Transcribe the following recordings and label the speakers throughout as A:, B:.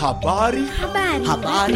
A: Habari.
B: Habari. Habari.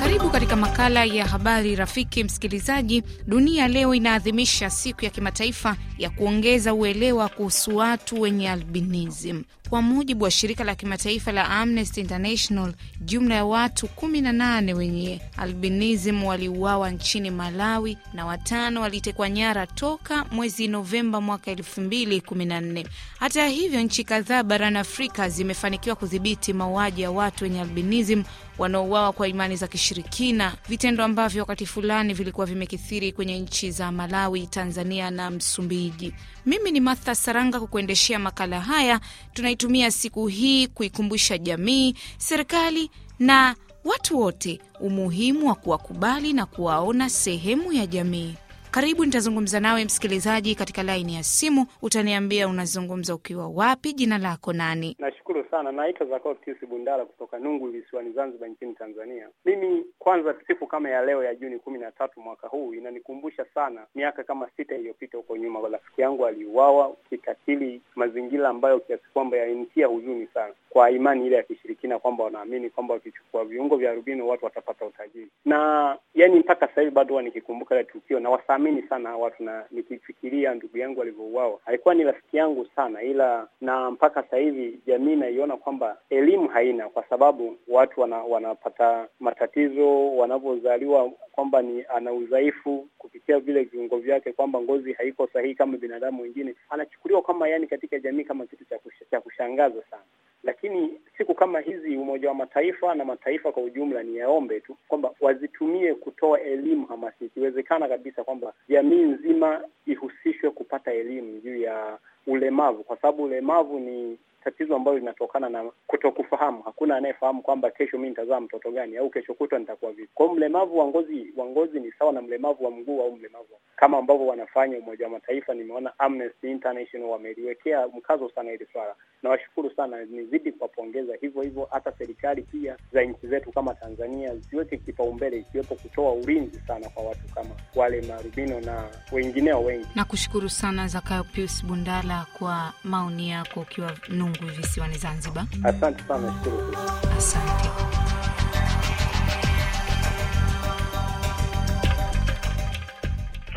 B: Karibu katika makala ya habari rafiki msikilizaji. Dunia leo inaadhimisha siku ya kimataifa ya kuongeza uelewa kuhusu watu wenye albinism. Kwa mujibu wa shirika la kimataifa la Amnesty International, jumla ya watu 18 wenye albinism waliuawa nchini Malawi na watano walitekwa nyara toka mwezi Novemba mwaka 2014. Hata hivyo, nchi kadhaa barani Afrika zimefanikiwa kudhibiti mauaji ya watu wenye albinism wanaouawa kwa imani za kishirikina, vitendo ambavyo wakati fulani vilikuwa vimekithiri kwenye nchi za Malawi, Tanzania na Msumbiji. Ligi. Mimi ni Martha Saranga kukuendeshea makala haya. Tunaitumia siku hii kuikumbusha jamii, serikali na watu wote umuhimu wa kuwakubali na kuwaona sehemu ya jamii. Karibu, nitazungumza nawe msikilizaji katika laini ya simu. Utaniambia unazungumza ukiwa wapi, jina lako nani?
A: Nashukuru. Nashukuru sana. Naitwa Zakautius Bundala kutoka Nungu visiwani Zanzibar nchini Tanzania. Mimi kwanza, siku kama ya leo ya Juni kumi na tatu mwaka huu inanikumbusha sana miaka kama sita iliyopita huko nyuma, rafiki yangu aliuawa kikatili, mazingira ambayo kiasi kwamba yalinitia huzuni sana, kwa imani ile ya kishirikina kwamba wanaamini kwamba wakichukua viungo vya arubini watu watapata utajiri, na yani mpaka sahivi bado nikikumbuka ile tukio na wasaamini sana watu, na nikifikiria ndugu yangu alivyouawa, alikuwa ni rafiki yangu sana, ila na mpaka sahivi jamii jamii inaiona kwamba elimu haina, kwa sababu watu wana, wanapata matatizo wanavyozaliwa kwamba ni ana udhaifu kupitia vile viungo vyake, kwamba ngozi haiko sahihi kama binadamu wengine, anachukuliwa kama yani katika jamii kama kitu cha kushangaza sana lakini siku kama hizi Umoja wa Mataifa na mataifa kwa ujumla ni yaombe tu kwamba wazitumie kutoa elimu hamasi. Ikiwezekana kabisa kwamba jamii nzima ihusishwe kupata elimu juu ya ulemavu, kwa sababu ulemavu ni tatizo ambalo linatokana na kutokufahamu. Hakuna anayefahamu kwamba kesho mi nitazaa mtoto gani au kesho kutwa nitakuwa vipi. Kwao mlemavu wa ngozi wa ngozi ni sawa na mlemavu wa mguu au mlemavu kama ambavyo wanafanya Umoja wa Mataifa. Nimeona Amnesty International wameliwekea mkazo sana hili swala, nawashukuru sana, nizidi kuwapongeza. Hivyo hivyo hata serikali pia za nchi zetu kama Tanzania ziweke kipaumbele, ikiwepo kutoa ulinzi sana kwa watu kama wale marubino na wengineo wengi.
B: Nakushukuru sana Zakayo Pius Bundala kwa maoni yako ukiwa Mungu visiwani Zanzibar.
A: Asante sana,
B: Asante.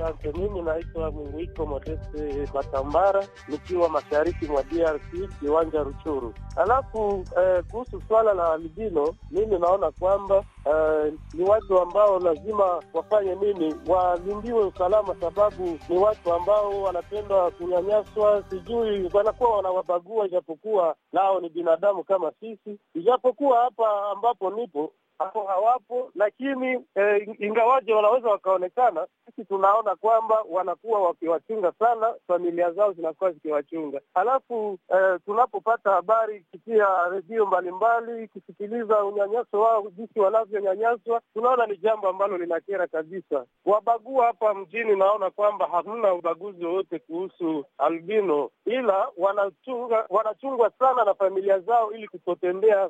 C: Asante. Mimi naitwa Mwinguiko Modeste Matambara, nikiwa mashariki mwa DRC, kiwanja Ruchuru. Alafu eh, kuhusu swala la albino, mimi naona kwamba eh, ni watu ambao lazima wafanye nini, walindiwe usalama, sababu ni watu ambao wanapenda kunyanyaswa, sijui wanakuwa wanawabagua, ijapokuwa nao ni binadamu kama sisi, ijapokuwa hapa ambapo nipo hapo hawapo, lakini eh, ingawaje wanaweza wakaonekana, sisi tunaona kwamba wanakuwa wakiwachunga sana, familia zao zinakuwa zikiwachunga. Halafu eh, tunapopata habari kupitia redio mbalimbali, kusikiliza unyanyaso wao, jinsi wanavyonyanyaswa, tunaona ni jambo ambalo linakera kabisa. Wabagua hapa mjini, naona kwamba hamna ubaguzi wowote kuhusu albino, ila wanachunga wanachungwa sana na familia zao, ili kutotembea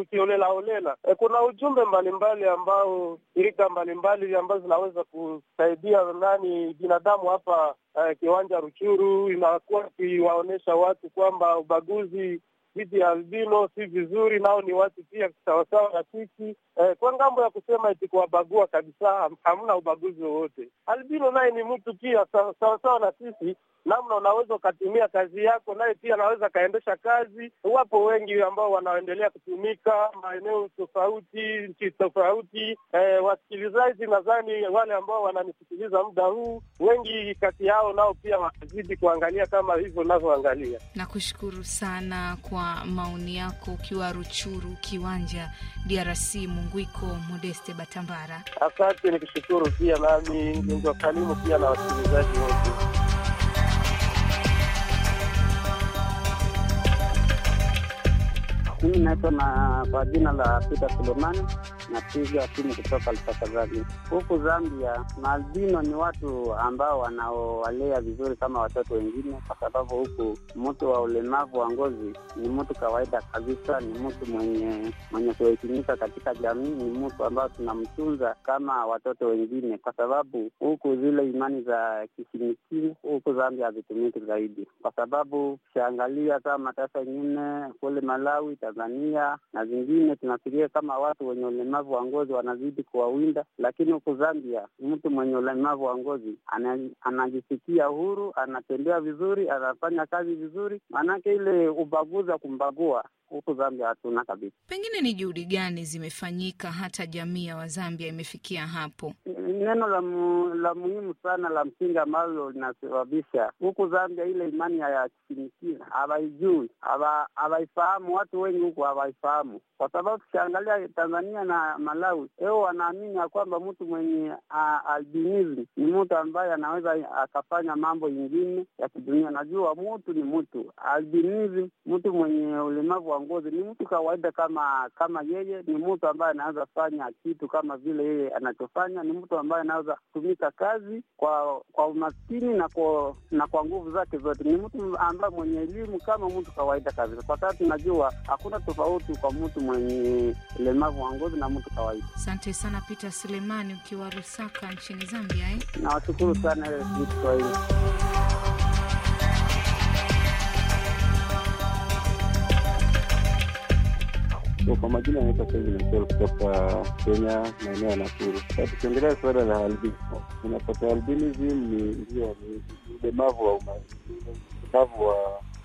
C: ukiolela olela. Eh, kuna ujumbe mbalimbali ambao shirika mbalimbali ambazo zinaweza kusaidia nani binadamu hapa uh, kiwanja Ruchuru inakuwa ikiwaonyesha watu kwamba ubaguzi dhidi ya albino si vizuri, nao ni watu pia sawasawa na sisi eh, kwa ngambo ya kusema eti kuwabagua kabisa, hamna ubaguzi wowote. Albino naye ni mtu pia sawasawa na sisi, namna unaweza ukatumia kazi yako, naye pia anaweza akaendesha kazi. Wapo wengi ambao wanaendelea kutumika maeneo tofauti, nchi tofauti. Eh, wasikilizaji, nadhani wale ambao wananisikiliza muda huu, wengi kati yao nao pia wanazidi kuangalia kama hivyo unavyoangalia
B: Nakushukuru sana kwa maoni yako ukiwa Ruchuru Kiwanja, DRC. Mungwiko Modeste Batambara,
C: asante nikishukuru Pia nami
D: ningewasalimu pia na wasikilizaji wote. Mimi naitwa na kwa jina la Peter Sulemani napiga timu kutoka Alfasavadi. Huku Zambia, maalbino ni watu ambao wanaowalea vizuri kama watoto wengine, kwa sababu huku mtu wa ulemavu wa ngozi ni mtu kawaida kabisa, ni mtu mwenye mwenye kuheshimika katika jamii, ni mtu ambao tunamtunza kama watoto wengine, kwa sababu huku zile imani za kisimikii huku Zambia hazitumiki zaidi, kwa sababu ukiangalia kama mataifa nyingine kule Malawi, Tanzania na zingine, tunafikiria kama watu wenye ulemavu ulemavu wa ngozi wanazidi kuwawinda, lakini huku Zambia mtu mwenye ulemavu wa ngozi anajisikia huru, anatembea vizuri, anafanya kazi vizuri, maanake ile ubaguzi wa kumbagua huku Zambia hatuna kabisa.
B: Pengine ni juhudi gani zimefanyika hata jamii ya Wazambia imefikia hapo?
D: Neno la, mu, la muhimu sana la msingi ambalo linasababisha huku Zambia ile imani ya kishirikina hawaijui, hawaifahamu. Watu wengi huku hawaifahamu, kwa sababu tukiangalia Tanzania na Malawi eo wanaamini ya kwamba mtu mwenye albinism ni mtu ambaye anaweza akafanya mambo ingine ya kidunia. Najua mtu ni mtu, albinism
E: mtu mwenye
D: ulemavu wa ngozi, Ni mtu kawaida kama kama yeye, ni mtu ambaye anaweza fanya kitu kama vile yeye anachofanya, ni mtu ambaye anaweza kutumika kazi kwa kwa umaskini na kwa na kwa nguvu zake zote. Ni mtu ambaye mwenye elimu kama mtu kawaida kabisa, kwa sababu tunajua hakuna tofauti kwa mtu mwenye ulemavu wa ngozi na mtu kawaida.
B: Asante sana Peter Sulemani ukiwa Rusaka nchini Zambia
D: eh? Nawashukuru sana eh, Kiswahili.
E: Kwa mm. majina anaitwa kutoka Kenya, maeneo ya Nakuru. Tukiongelea suala la albinism, unapata albinism ni ndio ulemavu wa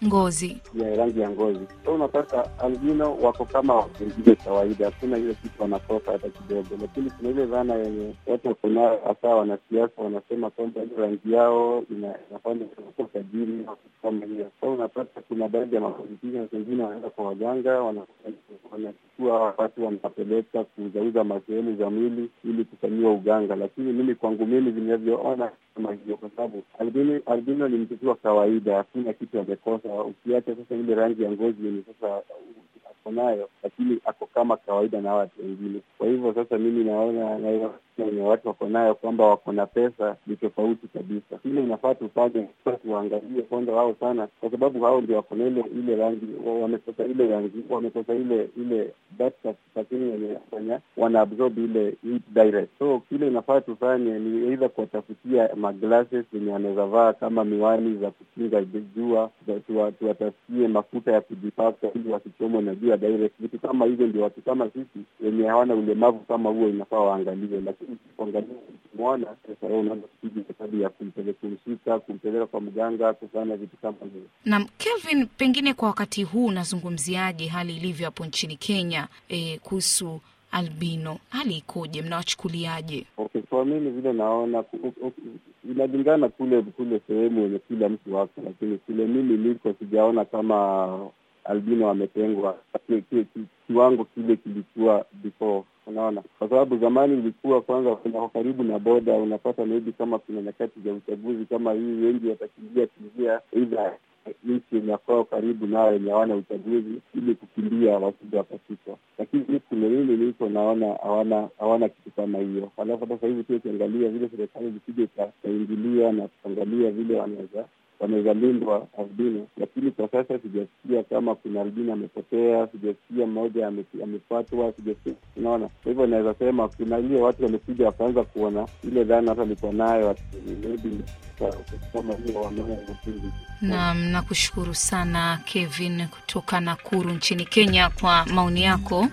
E: ngozi ya rangi ya ngozi. So unapata albino wako kama wengine kawaida, hakuna ile kitu wanakopa hata kidogo, lakini kuna ile dhana yenye watu wakonayo, hasa wanasiasa wanasema kwamba ile rangi yao inafanya tajiri kama hiyo. So unapata kuna baadhi ya mapolitiki wengine wanaenda kwa waganga, wanachukua watu wanapeleka kuzauza masehemu za mwili ili kufanyiwa uganga, lakini mimi kwangu mimi vinavyoona kama hivyo, kwa sababu albino ni wa kawaida, hakuna kitu amekosa. Ukiacha sasa ile rangi ya ngozi yenye sasa ako nayo, lakini ako kama kawaida na watu wengine. Kwa hivyo sasa mimi naona yenye watu wako nayo kwamba wako na pesa ni tofauti kabisa. Ile inafaa tufanye tuangalie kwanza wao sana, kwa sababu hao ndio wako na ile ile rangi, wamekosa ile rangi, wamekosa ile ile lakini wenye fanya wana ile direct. So kile inafaa tufanye ni eidha kuwatafutia maglasses yenye anaweza vaa kama miwani za kukinga jua, tuwatafutie mafuta ya kujipaka ili wasichomwe na jua direct. Vitu kama hivyo ndio watu kama sisi wenye hawana ulemavu kama huo inafaa waangalie, lakini kuangalia sasa unaanza ya kumpeleka kumpeleka kwa mganga, kufanya vitu kama hivyo.
B: Naam, Kelvin, pengine kwa wakati huu unazungumziaje hali ilivyo hapo nchini Kenya e, kuhusu albino hali ikoje? Mnawachukuliaje?
E: Okay, kwa mimi vile naona inalingana kule kule sehemu yenye kila mtu wako, lakini kule mimi niko sijaona kama albino wametengwa kiwango kile kilikuwa before. Unaona, kwa sababu zamani ilikuwa kwanza, kuna karibu na boda, unapata maybe kama kuna nyakati za uchaguzi kama hii, wengi watakimbia kimbia idha nchi yenye kwao karibu nayo wenye hawana uchaguzi ili kukimbia wakija wakashikwa, lakini kunelili niko naona hawana hawana kitu kama hiyo. alafu sasa hivi pia ukiangalia vile serikali zikija ikaingilia na kuangalia vile wanaweza wanaweza lindwa albino, lakini kwa sasa sijasikia kama kuna albino amepotea, sijasikia mmoja amefatwa sijasikia. Unaona, kwa hivyo naweza sema kuna ile watu wamekuja wakaanza kuona ile dhana hata alikuwa nayo
B: Naam, nakushukuru sana Kevin kutoka Nakuru nchini Kenya kwa maoni yako.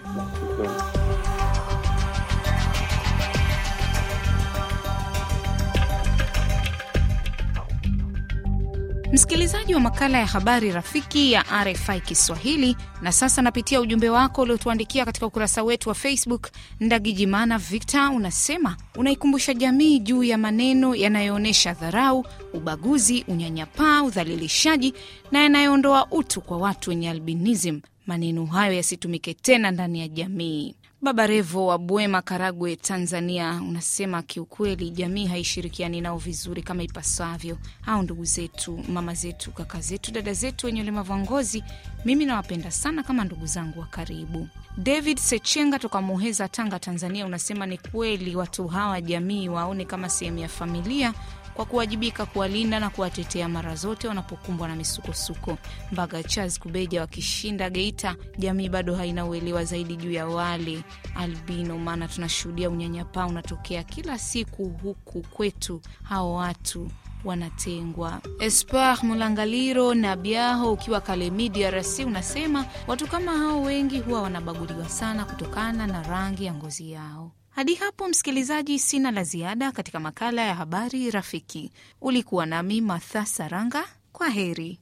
B: Msikilizaji wa makala ya habari rafiki ya RFI Kiswahili. Na sasa napitia ujumbe wako uliotuandikia katika ukurasa wetu wa Facebook. Ndagijimana victa unasema unaikumbusha jamii juu ya maneno yanayoonyesha dharau, ubaguzi, unyanyapaa, udhalilishaji na yanayoondoa utu kwa watu wenye albinism. Maneno hayo yasitumike tena ndani ya jamii. Baba Revo wa Bwema, Karagwe, Tanzania, unasema kiukweli jamii haishirikiani nao vizuri kama ipasavyo. Au ndugu zetu, mama zetu, kaka zetu, dada zetu wenye ulemavu wa ngozi, mimi nawapenda sana kama ndugu zangu wa karibu. David Sechenga toka Muheza, Tanga, Tanzania, unasema ni kweli watu hawa jamii waone kama sehemu ya familia kwa kuwajibika kuwalinda na kuwatetea mara zote wanapokumbwa na misukosuko. Mbaga Charles Kubeja wakishinda Geita, jamii bado haina uelewa zaidi juu ya wale albino, maana tunashuhudia unyanyapaa unatokea kila siku huku kwetu, hao watu wanatengwa. Espoir Mulangaliro na Biaho ukiwa Kalemi DRC unasema watu kama hao wengi huwa wanabaguliwa sana kutokana na rangi ya ngozi yao. Hadi hapo msikilizaji, sina la ziada katika makala ya habari rafiki. Ulikuwa nami matha Saranga, kwa heri.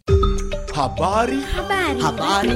A: Habari. Habari. Habari.